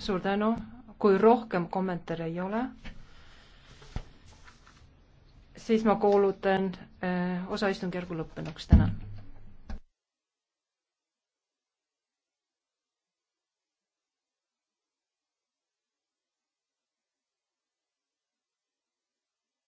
suur tänu, kui rohkem kommentaare ei ole, siis ma kuulutan äh, osaistungjärgu lõppenuks täna